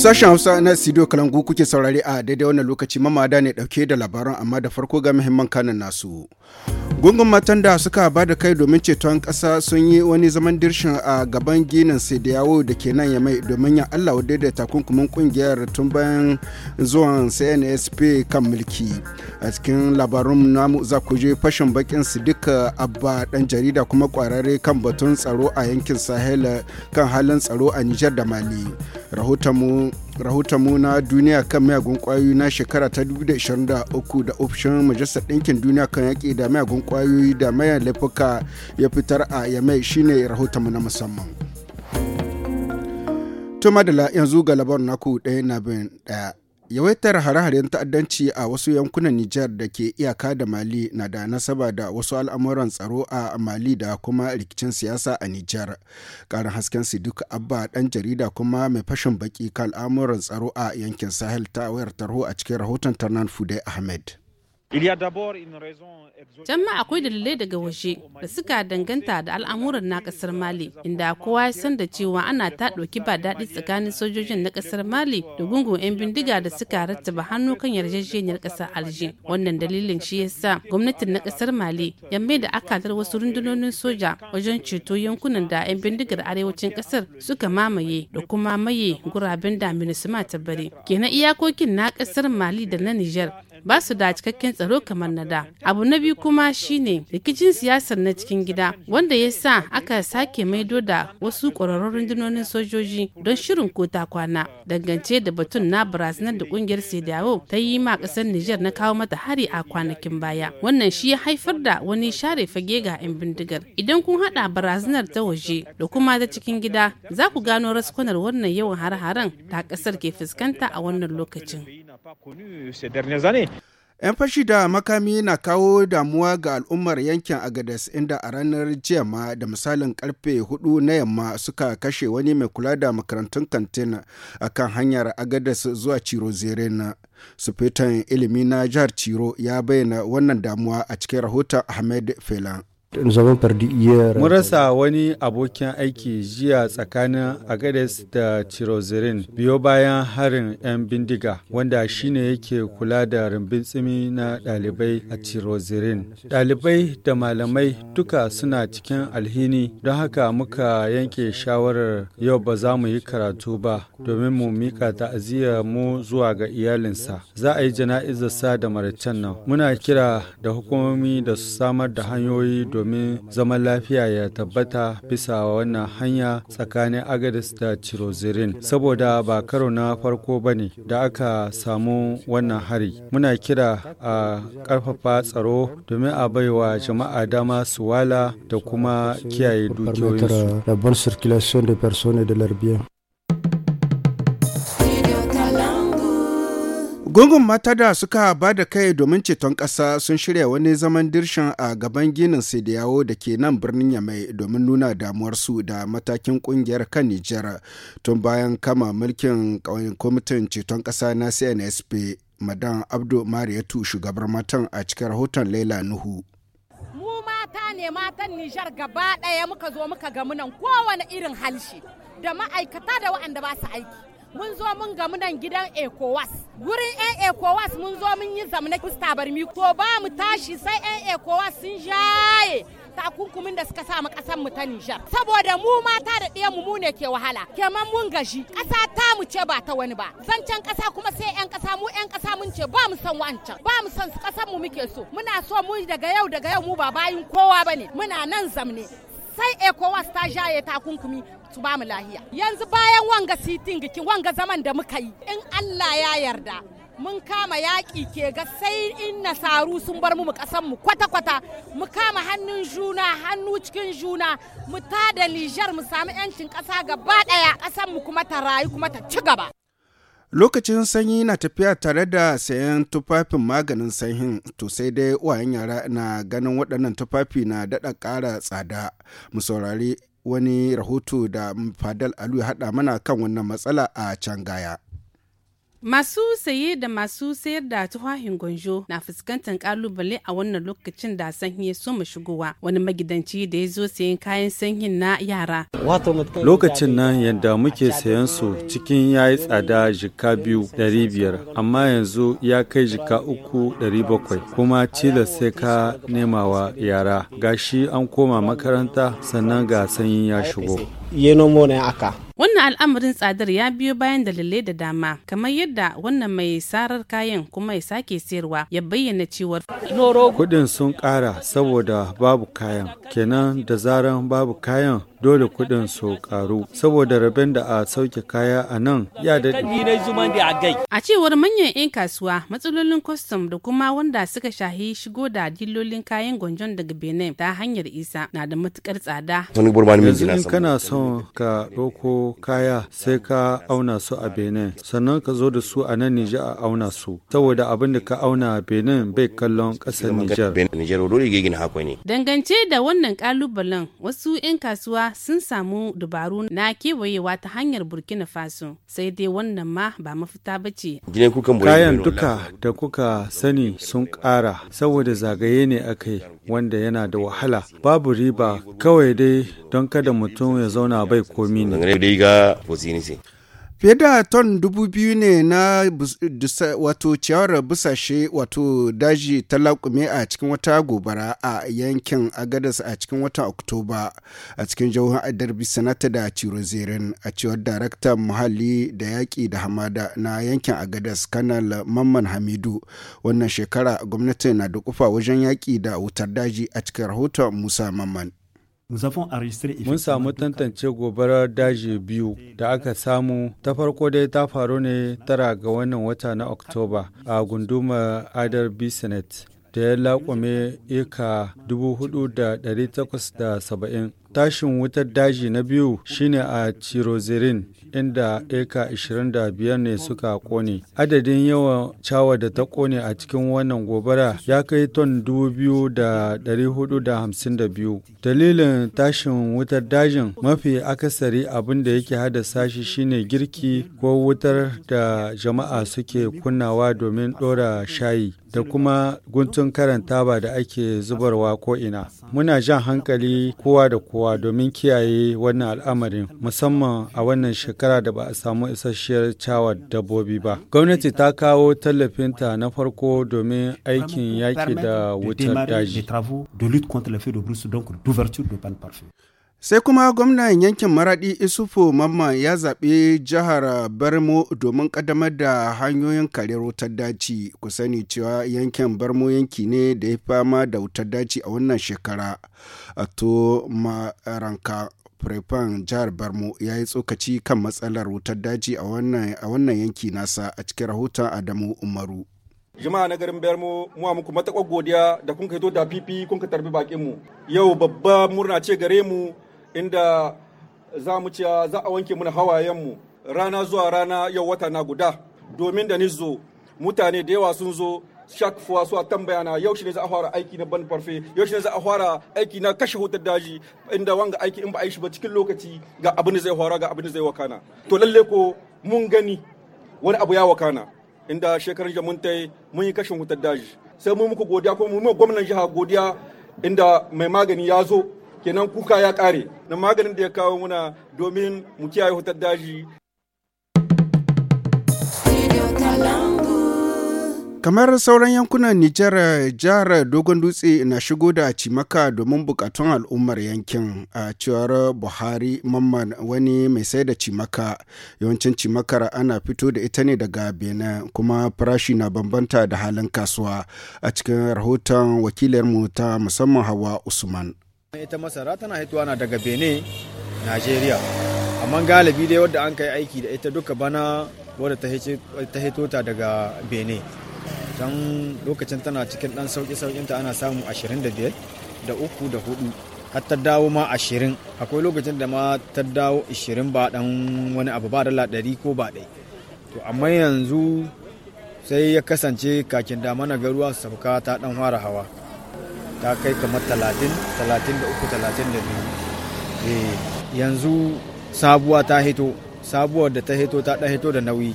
Sashen Hausa na Sido Kalangu kuke saurari a daidai wannan lokaci mamada ne dauke da labaran amma da farko ga muhimman kanan nasu. gungun matan da suka ba da kai domin ceton kasa sun yi wani zaman dirshin a gaban ginin yawo da ke nan yamai domin ya allah wadda da takunkumin kungiyar tun bayan zuwan cnsp kan mulki a cikin labarun namu za ku je fashin bakin su duka abba dan jarida kuma kwararre kan batun tsaro a yankin sahel kan halin tsaro a nijar da mali rahotonmu. rahotonmu na duniya kan miyagun kwayoyi na shekara ta 2023 da ofishin majalisar ɗinkin duniya kan yaƙi da mayagun kwayoyi da maya laifuka ya fitar a yamai shine rahotonmu na musamman. Tuma da yanzu ga labar naku ɗaya na bin ɗaya. Yawaitar hare-haren ta'addanci a wasu yankunan Nijar da ke iyaka da Mali na da nasaba da wasu al'amuran tsaro a Mali da kuma rikicin siyasa a Nijar. Karin hasken su duk Abba ɗan jarida kuma mai fashin baki kan al'amuran tsaro a yankin Sahel ta wayar tarho a cikin rahoton Tarnan Fude Ahmed. ma akwai dalilai daga waje da suka danganta da al'amuran na kasar Mali, inda kowa ya san da cewa ana ta ɗauki ba daɗi tsakanin sojojin na kasar Mali da gungun 'yan bindiga da suka rattaba hannu kan yarjejeniyar kasar Alje. Wannan dalilin shi ya sa gwamnatin na kasar Mali ya mai da akalar wasu rundunonin soja wajen ceto yankunan da 'yan bindigar arewacin kasar suka mamaye da kuma maye guraben da Minisma ta bari. Kenan iyakokin na kasar Mali da na Nijar ba su da cikakken tsaro kamar na da abu na biyu kuma shine rikicin siyasar na cikin gida wanda ya sa aka sake maido da wasu ƙwararrun rundunonin sojoji don shirin ko ta kwana dangance da batun na barazanar da ƙungiyar sedawo ta yi ma ƙasar niger na kawo mata hari a kwanakin baya wannan shi ya haifar da wani share fage ga 'yan bindigar idan kun haɗa barazanar ta waje da kuma ta cikin gida za ku gano raskunar wannan yawan har haren da ƙasar ke fuskanta a wannan lokacin 'Yan fashi da makami na kawo damuwa ga al'ummar yankin agadas inda a ranar jiya ma da misalin karfe hudu na yamma suka kashe wani mai kula da makarantun kantin kan hanyar agadas zuwa Ciro Zerena. Sufetan ilimi na jihar Ciro ya bayyana wannan damuwa a cikin rahoton Ahmed Felan. Mun rasa euh, wani abokin aiki jiya tsakanin Agades da Tirozirin biyo bayan harin 'yan bindiga wanda shine yake kula da rumbin tsimi na ɗalibai a Tirozirin. Ɗalibai da malamai duka suna cikin alhini don haka muka yanke shawarar yau ba za mu yi karatu ba domin mu mika ta'aziyya mu zuwa ga iyalinsa. Za a yi jana'izarsa da maraicen nan. Muna kira da hukumomi da su samar da hanyoyi domin zaman lafiya ya tabbata bisa wannan hanya tsakanin agadis da cirozirin saboda ba karo na farko ba ne da aka samu wannan hari muna kira a karfafa tsaro domin a baiwa jama'a dama su wala da kuma kiyaye dukiyoyinsu Gungun mata da suka ba da kai domin ceton ƙasa sun shirya wani zaman dirshan a gaban ginin Sidiyawo da ke nan birnin Yamai domin nuna damuwarsu da matakin kungiyar kan Nijar tun bayan kama mulkin kwamitin ceton ƙasa na CNSP Madan Abdu Mariyatu shugabar matan a cikin rahoton Laila Nuhu. Mu mata ne matan Nijar gaba ɗaya muka zo muka gamu nan kowane irin halshe da ma'aikata da waɗanda ba su aiki. Mun zo mun gamu nan gidan ECOWAS Wurin 'yan ECOWAS mun zo mun yi zamna kusta barmi ko ba mu tashi sai 'yan ECOWAS sun jaye takunkumin da suka samu kasan mu ta Nijar. Saboda mu mata da ɗiyan mu ne ke wahala. Keman mun gaji. Ƙasa ta mu ce ba ta wani ba. Zancen ƙasa kuma sai 'yan ƙasa mu 'yan ƙasa mun ce ba mu san wancan. Ba mu san ƙasan mu muke so. Muna so mu daga yau daga yau mu ba bayin kowa bane. Muna nan zamne. sai ECOWAS ta jaye takunkumi su ba mu lahiya. Yanzu bayan wanga sitin gikin wanga zaman da muka yi in Allah ya yarda mun kama yaƙi ke ga sai in nasaru sun bar mu mu kwata-kwata mu kama hannun juna hannu cikin juna mu tada Nijar mu samu 'yancin ƙasa gaba ɗaya mu kuma ta rayu kuma ta ci gaba. lokacin sanyi na tafiya tare da sayan tufafin maganin sanyin to sai dai uwayen yara na ganin waɗannan tufafi na daɗa ƙara tsada mu saurari wani rahoto da fadal alu ya haɗa mana kan wannan matsala a can gaya Masu saye da masu sayar da tuhahin gwanjo na fuskantar kalubale a wannan lokacin da sanyi ya soma shigowa wani magidanci da ya zo sayan kayan sanyin na yara. Lokacin nan yadda muke sayan su cikin ya yi tsada jika biyu dari biyar amma yanzu ya kai jika uku dari bakwai kuma tilas sai ka nema wa yara gashi an koma makaranta sannan ga sanyin ya shigo. Wannan al'amarin tsadar ya biyo bayan dalilai da dama, kamar yadda wannan mai sarar kayan kuma ya sake sayarwa ya bayyana cewa kudin sun kara saboda babu kayan, kenan da zaran babu kayan dole kuɗin su karu. saboda rabin da a sauke kaya a nan ya daɗe. A cewar manyan 'yan kasuwa matsalolin kwastam da kuma wanda suka shahi shigo da dillolin kayan gwanjon daga Benin ta hanyar isa na da matukar tsada. Yanzu in kana son ka roko kaya sai ka auna su a Benin sannan ka zo da su a nan Nijar a auna su saboda abin da ka auna a Benin bai kallon ƙasar Nijar. Dangance da wannan ƙalubalen wasu 'yan kasuwa sun samu dubaru na kewayewa ta hanyar burkina faso sai dai wannan ma ba mafita ba ce kayan duka da kuka sani sun ƙara saboda zagaye ne aka yi wanda yana da wahala babu riba kawai dai don kada mutum ya zauna bai komi ne Fiye da ton dubu biyu ne na wato ciyawar busashe wato daji ta laƙume a cikin wata gobara a yankin Agadas a cikin watan Oktoba a cikin jihohin Adarbi Sanata da Cirozerin a cewar darakta muhalli da yaƙi da hamada na yankin Agadas Kanal Mamman Hamidu. Wannan shekara gwamnati na da kufa wajen yaƙi da wutar daji a cikin rahoton Musa Mamman. Mun samu tantance gobarar daji biyu da aka samu ta farko dai ta faru ne tara ga wannan wata na Oktoba a gundumar Adar Bisanet da ya laƙume eka 4,870 Tashin wutar daji na biyu shine a cirozirin inda eka 25 ne suka kone. Adadin yawan cawa da ta kone a cikin wannan gobara ya kai ton 2,452. Dalilin tashin wutar dajin mafi akasari abin da yake haddasa shi shine girki ko wutar da jama'a suke kunnawa domin ɗora shayi. da kuma guntun karanta ba da ake zubarwa ko'ina. Muna jan hankali kowa da kowa domin kiyaye wannan al'amarin musamman a wannan shekara da ba a samu isasshiyar cawa dabbobi ba. Gwamnati ta kawo tallafinta na farko domin aikin yaƙi da wutar daji. Sai kuma gwamnan yankin Maraɗi Isufu mamma ya zaɓi jihar Barmo domin ƙaddamar da hanyoyin kare wutar daci. Ku sani cewa yankin Barmo yanki ne da ya fama da wutar daci a wannan shekara. A to maranka Prefan jihar Barmo ya yi tsokaci kan matsalar wutar daji a wannan yanki nasa a cikin rahoton Adamu Umaru. jama'a na garin bermo mu muku matakwa godiya da kun kai to da fifi kun ka tarbi bakin mu yau babba murna ce gare mu inda za mu cewa za a wanke mana hawayenmu rana zuwa rana yau wata na guda domin da ni zo mutane da yawa sun zo shakfuwa su a tambaya na yau shi ne za a fara aiki na ban farfe yau shi ne za a fara aiki na kashe hutar daji inda wanga aiki in ba a yi shi ba cikin lokaci ga abin da zai fara ga abin da zai wakana to lalle ko mun gani wani abu ya wakana inda shekarun jamun ta yi mun yi kashin hutar daji sai mun muku godiya ko mun gwamnan jiha godiya inda mai magani ya zo kenan kuka ya kare na maganin da ya kawo muna domin mu kiyaye hutar daji kamar sauran yankunan nijar jihar dogon dutse na shigo da cimaka domin bukatun al'ummar yankin a cewar buhari mamman wani mai sai da cimaka yawancin cimakar ana fito da ita ne daga benin kuma farashi na bambanta da halin kasuwa a cikin rahoton wakilarmu ta musamman hawa usman ita masara tana haituwa na daga bene nigeria amma galibi dai wadda an kai aiki da ita duka bana wadda ta hito ta daga bene don lokacin tana cikin dan sauki ta ana samu 25 da uku da hudu har ta dawo ma 20 akwai lokacin da ma ta dawo 20 ba dan wani abu ba dala ladari ko ba dai to amma yanzu sai ya kasance kakin damana garuwa sauka ta dan fara hawa ta kai kamar 30 biyu eh, yanzu sabuwa ta hito sabuwar da ta hito ta ɗan hito da nauyi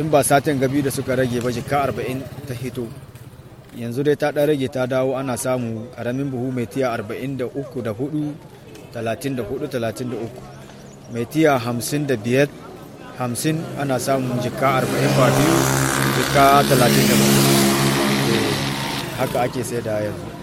in ba satin gabi da suka rage ba jika 40 ta hito yanzu dai ta ɗan rage ta dawo ana samu ƙaramin buhu mai tiya 43 da 4 34 33 mai tiya 55 hamsin ana samun jika 40 ba biyu jika 34 eh, haka ake sai da yanzu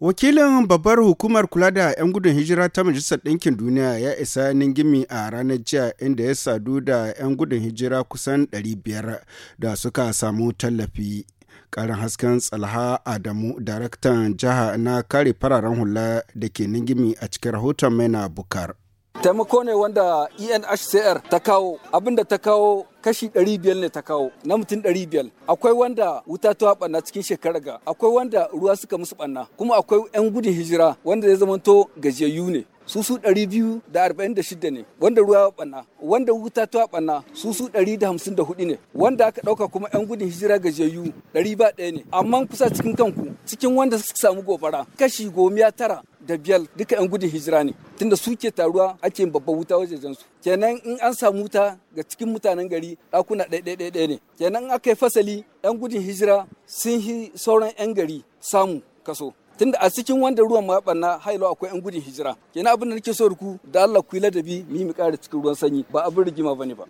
Wakilin babbar hukumar kula da 'yan gudun hijira ta Majalisar Ɗinkin Duniya ya isa Ningimi a ranar jiya inda ya sadu da 'yan gudun hijira kusan 500 da suka samu tallafi. Karin hasken tsalha Adamu, daraktan jiha na kare fararen hula da ke Ningimi a cikin rahoton na Bukar. taimako ne wanda enhcr ta kawo abinda ta kawo kashi 500 ne ta kawo na mutum 500 akwai wanda wuta ta banna cikin shekara ga akwai wanda ruwa suka musu banna kuma akwai 'yan gudun hijira wanda zai zamanto gajiyayyu ne su su 246 ne wanda ruwa banna wanda wuta ta banna su su 154 ne wanda aka dauka kuma yan gudun hijira gajiyayyu 100 ba ɗaya ne amma kusa cikin kanku cikin wanda suka samu gobara kashi gomiya tara da biyal duka 'yan gudun hijira ne tunda suke taruwa ake babban wuta wajen su kenan in an samu wuta ga cikin mutanen gari ɗakuna ɗaya ne kenan in aka yi fasali 'yan gudun hijira sun yi sauran 'yan gari samu kaso tunda a cikin wanda ruwan ma barna hailo akwai yan gudun hijira kenan abin da nake so ku da Allah ku yi ladabi mu yi mu kare cikin ruwan sanyi ba abin rigima bane ba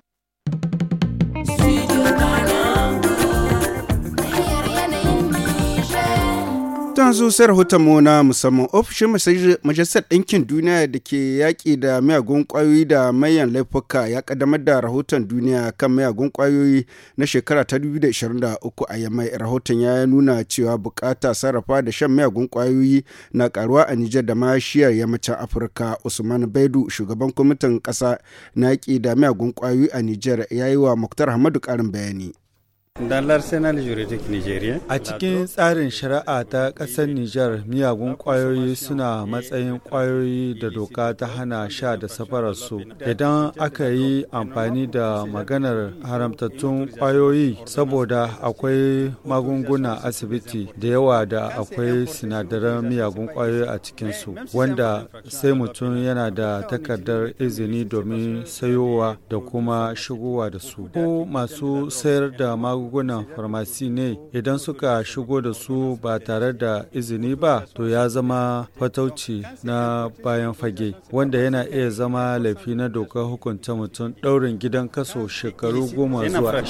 ta zo sai rahoton mu na musamman ofishin majalisar ɗinkin duniya da ke yaƙi da miyagun ƙwayoyi da mayan laifuka ya ƙaddamar da rahoton duniya kan miyagun ƙwayoyi na shekara ta 2023 a yamai rahoton ya nuna cewa bukata sarrafa da shan miyagun ƙwayoyi na karuwa a nijar da ma shiyar yammacin afirka usman baidu shugaban kwamitin ƙasa na yaƙi da miyagun ƙwayoyi a nijar ya yi wa muktar hamadu ƙarin bayani A cikin tsarin shari'a ta ƙasar Nijar, miyagun ƙwayoyi suna matsayin ƙwayoyi da doka ta hana sha da safararsu. Idan aka yi amfani da maganar haramtattun ƙwayoyi saboda akwai magunguna asibiti da yawa da akwai sinadaran miyagun ƙwayoyi a cikinsu, wanda sai mutum yana da takardar izini domin sayowa da kuma shigowa da su. Ko masu sayar da magunguna magungunan farmasi ne idan suka shigo da su ba tare da izini ba to ya zama fatauci na bayan fage wanda yana iya zama laifi na dokar hukunta mutum daurin gidan kaso shekaru goma zuwa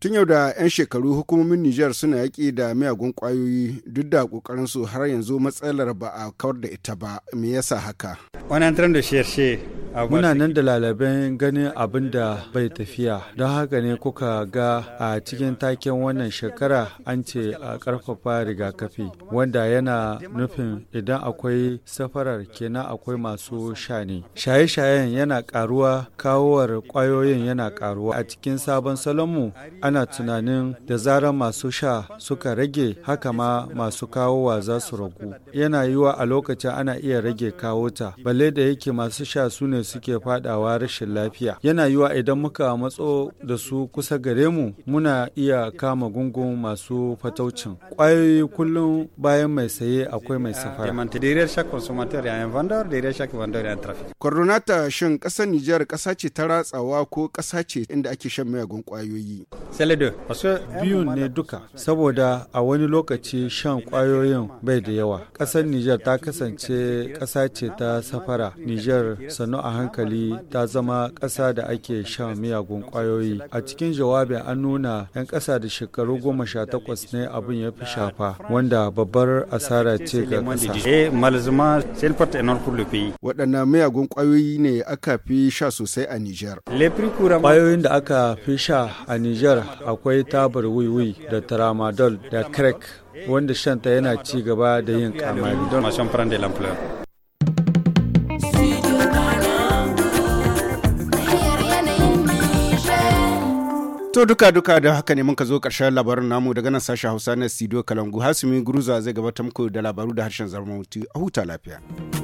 tun yau da 'yan shekaru hukumomin nijar suna yaƙi da miyagun ƙwayoyi duk da su har yanzu matsalar ba a kawar da ita ba me yasa haka muna nan da lalaben ganin abin da bai tafiya don haka ne ko kuka ga a cikin taken wannan shekara an ce a ƙarfafa rigakafi wanda yana nufin idan akwai safarar kenan akwai masu sha ne. Shaye-shayen yana ƙaruwa, kawowar kwayoyin yana ƙaruwa. A cikin sabon salonmu ana tunanin da zarar masu sha suka rage haka ma masu kawowa za su ragu. Yana yiwa a lokacin ana iya rage kawo ta, balle da yake masu sha su ne suke faɗawa rashin lafiya. Yana yiwa idan muka matso da su kusa kusa gare mu muna iya kama gungun masu fataucin. Ƙwayoyi kullum bayan mai saye akwai mai safara. Coordinata shin ƙasa Nijar ƙasa ce ta ratsawa ko ƙasa ce inda ake shan miyagun ƙwayoyi? Biyun ne duka, saboda a wani lokaci shan ƙwayoyin bai da yawa. Ƙasar Nijar ta kasance ƙasa ce ta safara. Nijar sannu a hankali ta zama ƙasa da ake shan miyagun ƙwayoyi. A cikin jawabin an nuna 'yan ƙasa da shekaru goma sha takwas ne abin ya fi shafa wanda babbar asara ce ga ƙasa. Waɗannan miyagun kwayoyi ne aka fi sha sosai a Nijar. Ƙwayoyin da aka fi sha a Nijar akwai tabar wiwi da tramadol da crack wanda shanta yana ci gaba da yin kamari. To duka duka da haka ne muka zo ƙarshen labarin namu daga nan sashen Hausa na Studio Kalangu Hasumi Guruza zai gabatar muku da labaru da harshen zamantu a huta lafiya.